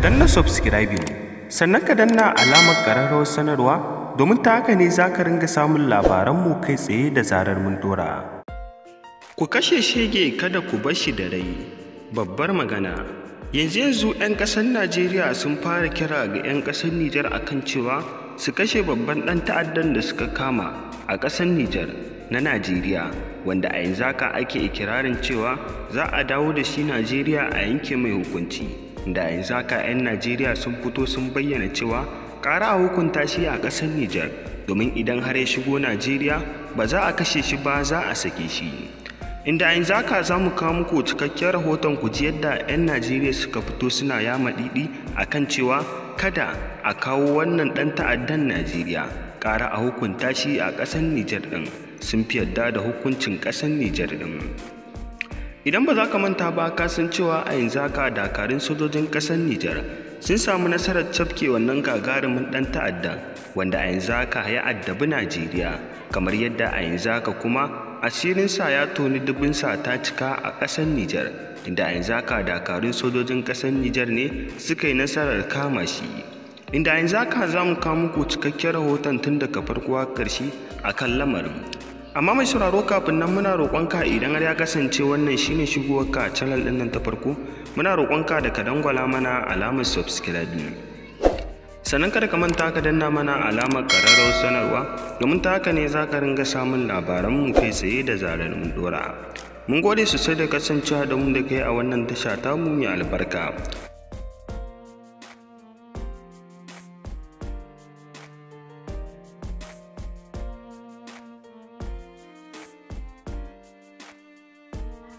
danna subscribing sannan ka danna alamar ƙararrawar sanarwa domin ta haka ne za ka ringa samun labaranmu kai tsaye da zarar mun dora. Ku kashe shege kada ku bar shi da rai babbar magana. Yanzu yanzu 'yan ƙasar Najeriya sun fara kira ga 'yan ƙasar Nijar akan cewa su kashe babban ɗan ta'addan da suka kama a ƙasar Nijar na Najeriya wanda a yanzu haka ake ikirarin cewa za a dawo da shi Najeriya a yanke mai hukunci. da in zaka 'yan najeriya sun fito sun bayyana cewa ƙara a hukunta shi a ƙasar nijar domin idan har ya shigo najeriya ba za a kashe shi ba za a sake shi inda in zaka za mu kawo muku cikakkiyar rahoton ku ji yadda 'yan najeriya suka fito suna yama ɗiɗi a kan cewa kada a kawo wannan ɗan ta'addan najeriya kara a hukunta shi a ƙasar nijar ɗin sun fi yadda da hukuncin ƙasar nijar ɗin idan ba za ka manta ba ka san cewa a yanzu haka dakarun sojojin ƙasar nijar sun samu nasarar cafke wannan gagarumin ɗan ta'adda wanda a yanzu haka ya addabi najeriya kamar yadda a yanzu haka kuma asirinsa ya toni dubinsa ta cika a ƙasar nijar inda a yanzu haka dakarun sojojin ƙasar nijar ne suka yi nasarar kama shi inda yanzu haka za mu kawo muku cikakken rahoton tun daga farko a ƙarshe a kan lamarin amma mai sauraro kafin nan muna roƙonka idan har ya kasance wannan shine shigowarka a channel ɗin nan ta farko muna roƙonka da ka dangwala mana alamar subscribe sannan kada ka manta ka danna mana alamar ƙararrawar sanarwa domin ta haka ne za ka ringa samun labaranmu kai tsaye da zarar mu dora mun gode sosai da kasancewa da mu da kai a wannan tasha ta mu mai albarka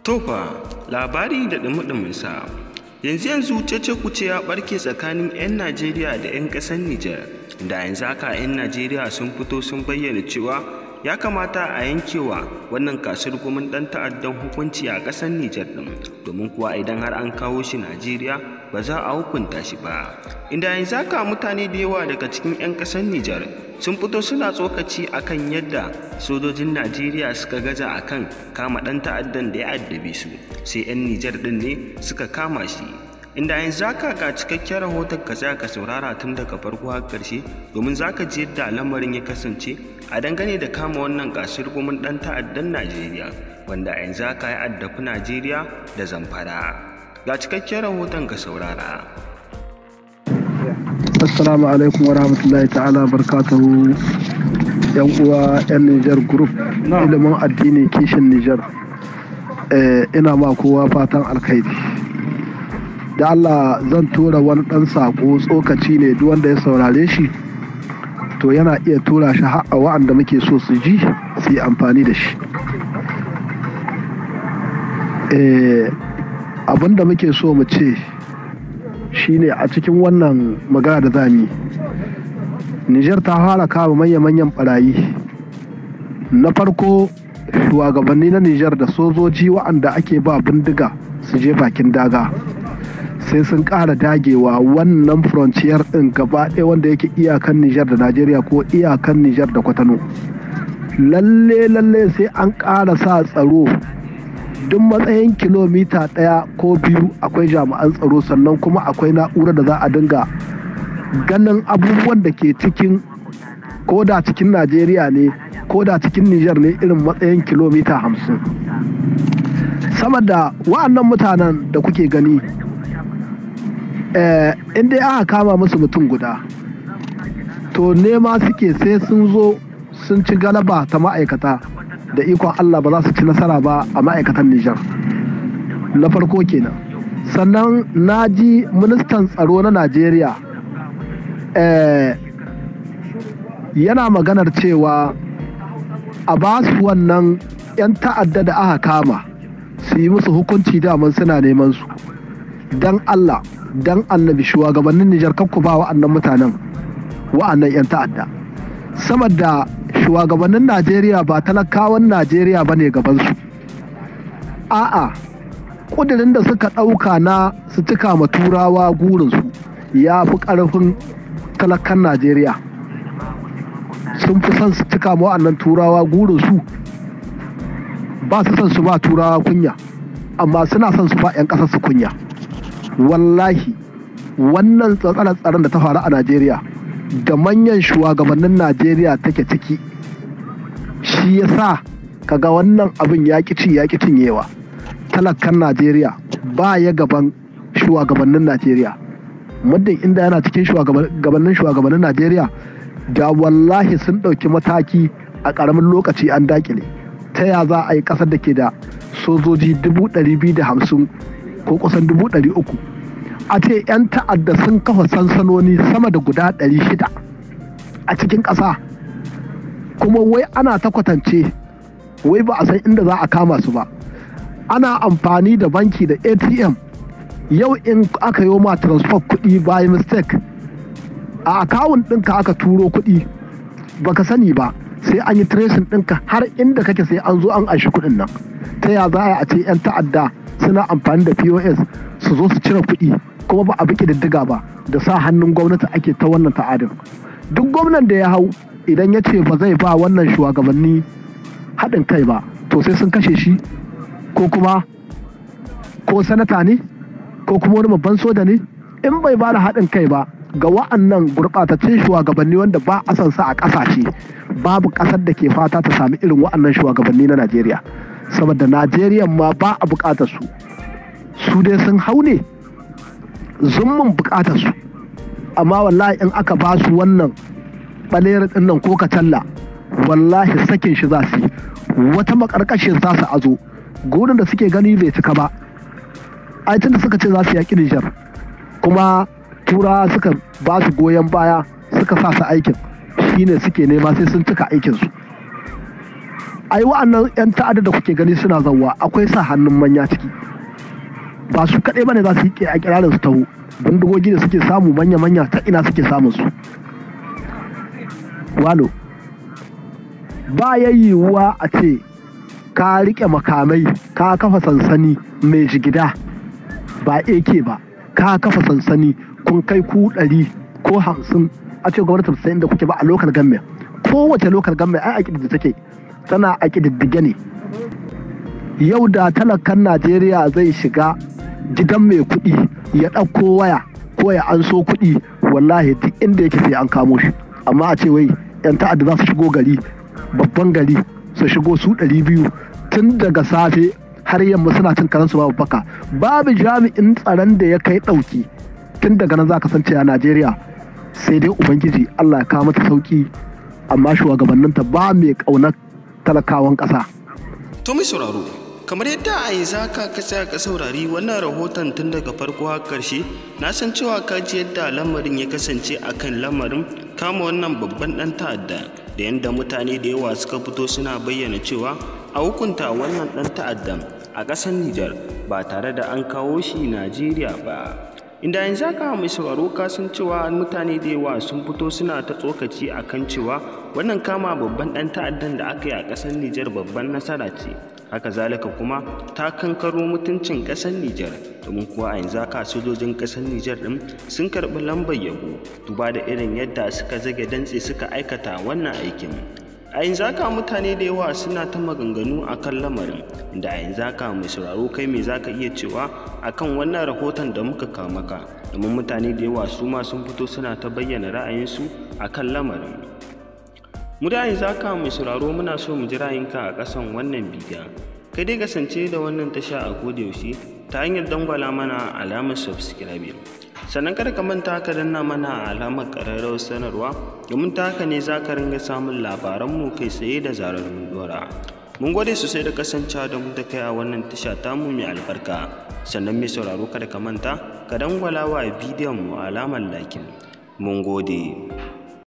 Tofa labari da ɗumi-ɗuminsa. Yanzu yanzu cece kuce ya ɓarke tsakanin 'yan Najeriya da 'yan ƙasar Nijar, da yanzu haka 'yan Najeriya sun fito sun bayyana cewa ya kamata a yankewa wannan kasar gumin ɗan ta'addan hukunci a ƙasar Nijar ɗin domin kuwa idan har an kawo shi Najeriya ba za a hukunta shi ba. Inda yanzu haka mutane da yawa daga cikin 'yan ƙasar Nijar sun fito suna tsokaci akan yadda sojojin Najeriya suka gaza kan kama ɗan ta'addan da ya addabe su sai 'yan Nijar ɗin ne suka kama shi. inda yanzu za ka ga cikakken rahoton ka tsaya ka saurara tun daga farko har ƙarshe domin za ka ji yadda lamarin ya kasance a dangane da kama wannan gasar gumin ɗan ta'addan najeriya wanda yanzu ka yi addafi najeriya da zamfara ga cikakken rahoton ka saurara assalamu alaikum wa rahmatullahi ta'ala barkatahu yan uwa yan niger group ilimin addini kishin niger eh, ina ma kowa fatan alkhairi da Allah zan tura wani ɗan saƙo tsokaci ne duk wanda ya saurare shi to yana iya tura shi a wa'anda muke so su ji su yi amfani da shi eh, abin da muke so mu ce shine a cikin wannan magana da zami Nijar ta fara kama manya-manyan barayi na farko shugabanni na Nijar da sojoji wa'anda ake ba bindiga su je bakin daga sai sun ƙara dagewa wannan frontier ɗin gaba ɗaya wanda yake iyakan Nijar da Najeriya ko iyakan Nijar da Kwatano. Lalle lalle sai an ƙara sa tsaro duk matsayin kilomita ɗaya ko biyu akwai jami'an tsaro sannan kuma akwai na'urar da za a dinga ganin abubuwan da ke cikin ko da cikin najeriya ne ko da cikin nijar ne irin matsayin kilomita hamsin sama da wa'annan mutanen da kuke gani Eh, in dai aka kama musu mutum guda to nema suke sai sun zo sun ci galaba ta ma'aikata da ikon allah ba za su ci nasara ba a ma'aikatan nijar na farko kenan sannan na ji ministan tsaro na najeriya eh, yana maganar cewa a ba su wannan 'yan ta'adda da aka kama su yi musu hukunci daman suna neman su don allah dan annabi shugabannin Nijar ku ba wa'annan mutanen wa'annan 'yan ta'adda da shugabannin Najeriya ba talakawan Najeriya ba ne gabansu a'a ƙudurin da suka ɗauka na su cika ma turawa gurinsu ya fi ƙarfin talakan Najeriya sun fi son su cika ma wa'annan turawa gurinsu ba su son su ba turawa kunya amma suna son su ba 'yan ƙasar su kunya wallahi wannan tsaron da ta faru a najeriya da manyan shugabannin najeriya take ciki shi ya sa kaga wannan abin ya ci ya cinyewa talakan najeriya ba ya gaban shugabannin najeriya muddin inda yana cikin shugabannin shugabannin najeriya da wallahi sun ɗauki mataki a ƙaramin lokaci an dakile ta ya za a yi ƙasar da ke da sojoji 250 ko kusan dubu ɗari uku a ce 'yan ta'adda sun kafa sansanoni sama da guda ɗari shida a cikin ƙasa kuma wai ana ta kwatance wai ba a san inda za a kama su ba ana amfani da banki da atm yau in aka yi ma transfer kuɗi by mistake a akawun ɗinka aka turo kuɗi baka sani ba sai an yi tracing ɗinka har inda kake sai an zo an ashi kuɗin nan ta ya za a ce 'yan ta'adda suna amfani da pos su zo su cire kuɗi kuma ba a bi diddiga ba da sa hannun gwamnati ake ta wannan ta'adin duk gwamnan da ya hau idan ya ce ba zai ba wannan shugabanni haɗin kai ba to sai sun kashe shi ko kuma ko sanata ne ko kuma wani babban soja ne in bai ba da haɗin kai ba ga wa'annan gurɓataccen shugabanni wanda ba a son sa a ƙasashe babu ƙasar da ke fata ta sami irin wa'annan shugabanni na najeriya saboda najeriya ma ba a bukatar su su dai sun hau ne zumman bukatar su amma wallahi in aka ba su wannan ɓalayar ɗinnan nan ko katalla wallahi sakin shi za su yi wata makarkashin za su azo gudun da suke gani bai cika ba ai da suka ce za su yaƙi nijar kuma tura suka ba su goyon baya suka sa su aikin shine suke nema sai sun cika aikinsu ai wa'annan 'yan ta'adda da kuke gani suna zawa akwai sa hannun manya ciki ba su kaɗai bane za su yi a kirarin su taho bindigogi da suke samu manya-manya ta ina suke samun su walo ba ya yiwuwa a ce ka riƙe makamai ka kafa sansani mai jigida ba ak ba ka kafa sansani kun kai ku ɗari ko hamsin a ce gwamnati ta da kuke ba a lokal gamme kowace lokal gamme ai a da take tana a ƙididdige ne yau da talakan najeriya zai shiga gidan mai kuɗi ya ɗauko waya ko ya an so kuɗi wallahi duk inda yake sai an kamo shi amma a ce wai 'yan ta'adda za su shigo gari babban gari su shigo su ɗari biyu tun daga safe har yamma suna cin karansu babu baka babu jami'in tsaron da ya kai ɗauki tun daga nan za ka san cewa najeriya sai dai ubangiji allah ya kawo mata sauki amma shugabanninta ba mai ƙaunar talakawan ƙasa. To mai sauraro, kamar yadda a yi zaka ka ka saurari wannan rahoton tun daga farko har ƙarshe, na san cewa ka ji yadda lamarin ya kasance a kan lamarin kama wannan babban ɗan ta'adda da yadda mutane da yawa suka fito suna bayyana cewa a hukunta wannan ɗan ta'addan a ƙasar Nijar ba tare da an kawo shi Najeriya ba. inda yanzu ka mai sauraro kasan cewa mutane da yawa sun fito suna ta tsokaci akan cewa wannan kama babban ɗan ta'addan da aka yi a ƙasar nijar babban nasara ce haka zalika kuma ta kankaro mutuncin ƙasar nijar domin kuwa a yanzu haka sojojin ƙasar nijar din sun karɓi lambar yabo duba da irin yadda suka zage dantse suka aikata wannan aikin a yanzu haka mutane da yawa suna ta maganganu akan kan lamarin da a yanzu haka mai sauraro kai mai zaka iya cewa akan wannan rahoton da muka kawo maka domin mutane da yawa su ma sun fito suna ta bayyana ra'ayinsu a kan lamarin mu da zaka mai sauraro muna so mu jira yinka a ƙasan wannan biga. kai dai kasance da wannan tasha a yaushe, ta hanyar dangwala mana alamar subscribe sannan kada ka manta ka danna mana alamar ƙararrawar sanarwa domin ta haka ne za ka ringa samun labaranmu kai tsaye da zarar mun dora mun gode sosai da kasancewa da mun da kai a wannan tasha tamu mai albarka sannan mai sauraro kada ka manta ka dangwala wa bidiyon mu alamar lakin mun gode